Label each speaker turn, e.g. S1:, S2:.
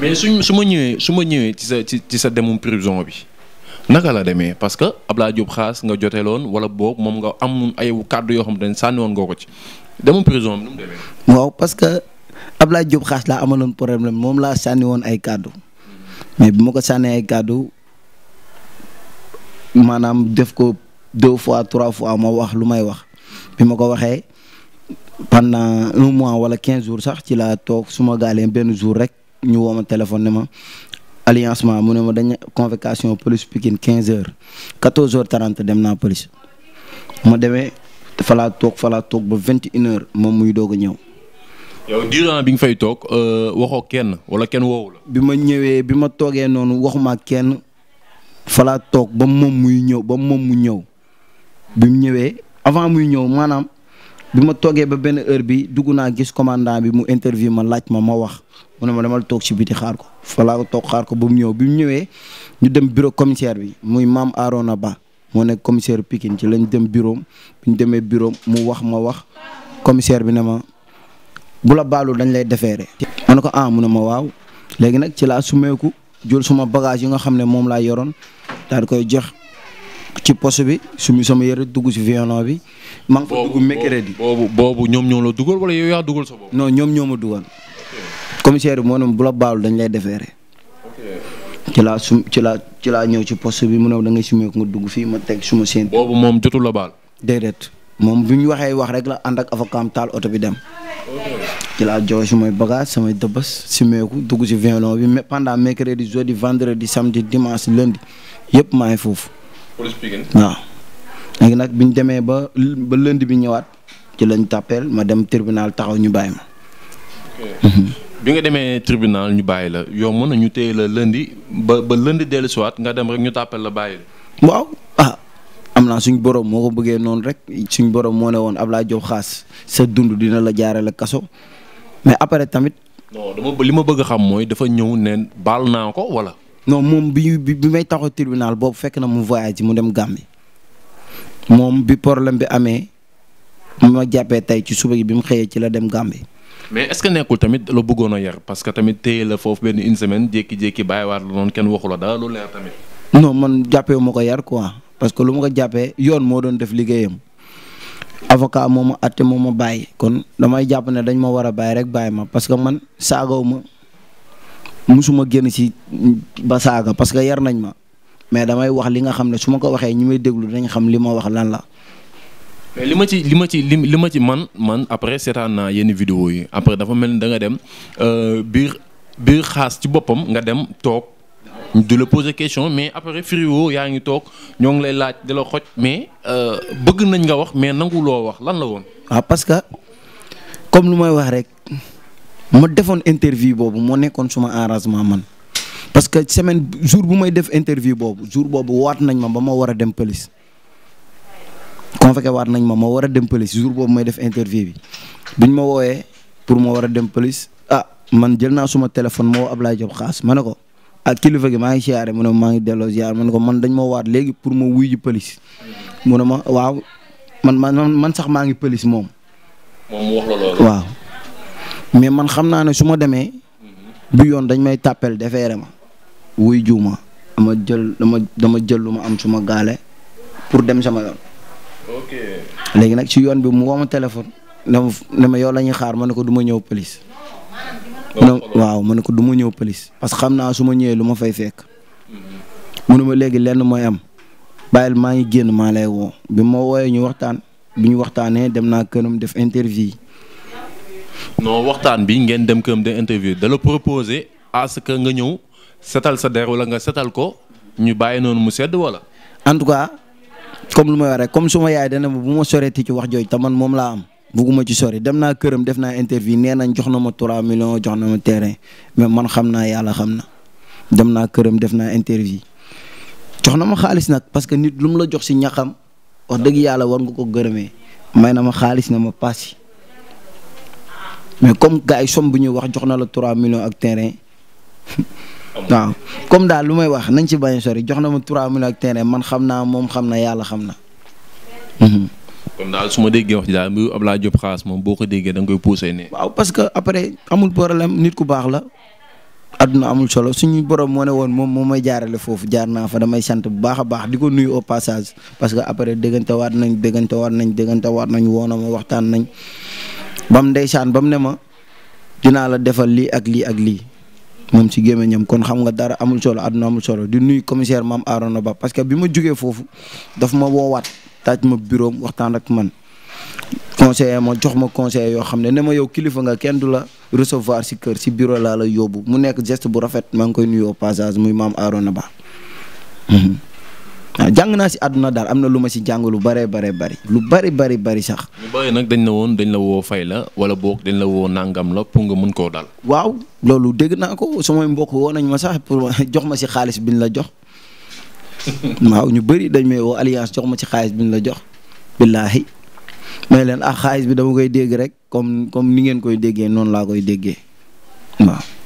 S1: mais su ma ñëwee su ma ñëwee ci sa ci ci sa demum prison bi naka la demee parce que Abdoulaye jub Khass nga jotee loon wala boog moom nga am ay kàddu yoo xam te ne sànni woon nga ko ci demum prison bi
S2: nu waaw parce que Abdoulaye Diop Khass laa amaloon problème moom laa sànni woon ay kàddu mais bi ma ko sànnee ay kàddu maanaam def ko deux fois trois fois ma wax lu may wax bi ma ko waxee pendant un mois wala quinze jours sax ci laa toog su ma gaalee benn jour rek. ñu woo ma téléphone ma alliance ma mu ne ma dañ convocation police Pikine quinze heures 14 heures 30 dem naa police ma demee fa toog falaa toog ba 21 heures moom muy doog a ñëw.
S1: yow durant bi fay toog euh, waxoo kenn wala kenn woowu la.
S2: bi ma ñëwee bi ma toogee noonu waxuma kenn fa toog ba moom muy ñëw ba moom mu ñëw bi mu ñëwee avant muy ñëw maanaam bi ma toogee ba benn heure bi dugg naa gis commandant bi mu interview ma laaj ma ma wax mu ne ma demal toog si biti xaar ko fa laa toog xaar ko ba mu ñëw bi mu ñëwee ñu dem bureau commissaire bi muy maam Arona Ba moo nekk commissaire pikin ci lañ dem bureau ñu demee bureau mu wax ma wax commissaire bi ne ma bula la dañ lay defeere ma ko ah mu ne ma waaw léegi nag ci laa sumeeku jël suma bagage yu nga xam ne moom laa yoroon daal koy jox ci poste bi sumi sama yëre dugg si violon bi. maa ngi fa dugg mercredi boobu ñoom ñoo la dugal wala yow yaa dugal sa bopp. non ñoom ñoo ma dugal. commissaire bi moo ne bu la baalu dañ lay defeere ci laa sum ci laa ci laa ñëw ci post bi mu ne da ngay sumee ko nga dugg fii ma teg suma séen. boobu moom jotul la baal. déedéet moom bi ñu waxee wax rek la ànd ak avocat taal oto bi dem. ci laa joxe sumay bagage samay dëbbas simeeku dugg si violon bi mais pendant mercredi jeudi vendredi samedi dimanche lundi yëpp maa ngi foofu. police Pikine. nag bi demee ba ba lundi bi ñëwaat ci lañ tàppeel ma dem tribunal taxaw ñu bàyyi ma.
S1: Mhm. bi nga demee tribunal ñu bàyyi la yow mën na ñu téye la lundi ba ba lundi dellu si nga dem rek ñu tàppal la bàyyi la.
S2: waaw ah am naa suñ borom moo ko bëggee noonu rek suñ borom moo ne woon Ablaye Diop xaas sa dund dina la jaarale kaso mais après tamit.
S1: li ma bëgg a xam mooy dafa ñëw ne baal naa ko wala.
S2: noo moom bi bi may taxaw tribunal boobu fekk na mu voyage mu dem Gambie moom bi problème bi amee ma jàppee tey ci suba gi bi mu xëyee ci la dem Gambie.
S1: mais est-ce que nekkul tamit la bëggoon a yar parce que tamit téye la foofu benn une semaine jékki-jékki bàyyiwaat la noonu kenn waxu la dara leer tamit.
S2: non man jàppee ko yar quoi parce que lu ma ko jàppee yoon moo doon def liggéeyam avocat moo ma atte moom ma bàyyi kon damay jàpp ne dañ ma war a bàyyi rek bàyyi ma parce que man saagaw ma musuma génn ci ba saaga parce que yar nañ ma mais damay wax li nga xam ne su ma ko waxee ñi may déglu dañ xam li ma wax lan la
S1: mais li ma ci li ma ci li li ma ci man man après seetaan naa yenn vidéo yi après dafa mel ni da nga dem euh, biir biir xaas ci boppam nga dem toog du la poser question mais après frigo yaa ngi toog ñoo ngi lay laaj di la xoj mais euh, bëgg nañ nga wax mais nangu loo wax lan la woon.
S2: waaw ah, parce que comme lu may wax rek ma defoon interview boobu moo nekkoon suma arrangement man parce que semaine jour bu may def interview boobu jour boobu waat nañ ma ba ma war a dem police convoqué waat nañ ma ma war a dem police jour boobu may def interview bi biñ ma wooyee pour ma war a dem police ah man jël naa suma téléphone ma woo Ablaye Diop xaas ma ne ko ak ah, kilifa gi maa ngi siyaare mu ne maa ngi delloo siyaare ma ne ko man dañ ma waat léegi pour ma wuy ji police mu ne ma waaw man man man sax maa ngi police moom. waaw mais man xam naa ne su ma demee. du yoon dañ may tàppel defeere ma wuy juuma dama jël dama dama jël lu ma am suma gaale pour dem sama yoon. ok léegi nag ci yoon bi mu woo ma téléphone dama ma yow la ñuy xaar ma ne ko duma ma ñëw police. waaw ma ne ko du ma ñëw police parce que xam naa su ma ñëwee lu ma fay fekk. Mm-hmm. mu ne ma léegi lenn mooy am bàyyil maa ngi génn maa lay woo bi ma wooyee ñu waxtaan bi ñu waxtaanee dem naa këram def interview.
S1: non waxtaan bi ngeen dem këram def interview dala la proposé à ce nga ñëw setal sa der wala nga setal ko ñu bàyyi noonu mu sedd wala.
S2: en comme lu ma wax comme suma yaay dana bu ma soreeti ci wax jooju te man moom laa am bugguma ci sori dem naa këram def naa interview nee nañ jox na ma 3 millions jox na ma terrain mais man xam naa yàlla xam na dem naa këram def naa interview jox na ma xaalis nag parce que nit lu mu la jox si ñaxam wax dëgg yàlla war nga ko gërëmee may na ma xaalis na ma paas mais comme gars yi somme bu ñuy wax jox na la troit millions ak terrain waaw comme daal lu may wax nañ ci bañ sori jox na ma 3 millions ak terrain man xam naa moom xam na yàlla xam na.
S1: Mhm. kon daal su ma déggee wax ji daal muy laa Diop xaas moom boo ko déggee danga koy poussé ne. waaw
S2: parce que après amul problème nit ku baax la. àdduna amul solo suñu borom moo ne woon moom moo may jaarale foofu jaar naa fa damay sant bu baax baax di ko nuyu au passage parce que après déggante waat nañ déggante waat nañu déggante waat nañ woon na ma waxtaan nañ bam ndeysaan bam ne ma dinaa la defal lii ak lii ak lii moom ci gémmiñam kon xam nga dara amul solo àdduna amul solo di nuy commissaire maam Arona Ba parce que bi ma jugee foofu dafa ma woowaat taaj ma bureau waxtaan ak man conseiller ma jox ma conseil yoo xam ne ne ma yow kilifa nga kenn du la recevoir si kër si bureau laa la yóbbu mu nekk geste bu rafet maa ngi koy nuyoo passage muy maam Arona Ba. Mhm. jàng naa si àdduna daal am na lu ma si jàng lu bare bare bari lu bari bari bari sax.
S1: ñu bari nag dañ la woon dañ la woo fay la wala boog dañ la woo nangam la pour
S2: nga mën koo daal waaw loolu dégg naa ko samay mbokk woo nañ ma sax pour jox ma si xaalis bi ñu la jox waaw ñu bëri dañ may woo alliance jox ma si xaalis bi ñu la jox billaahi may leen ax ah xaalis bi dama koy dégg rek comme comme ni ngeen koy déggee noonu laa koy déggee waaw.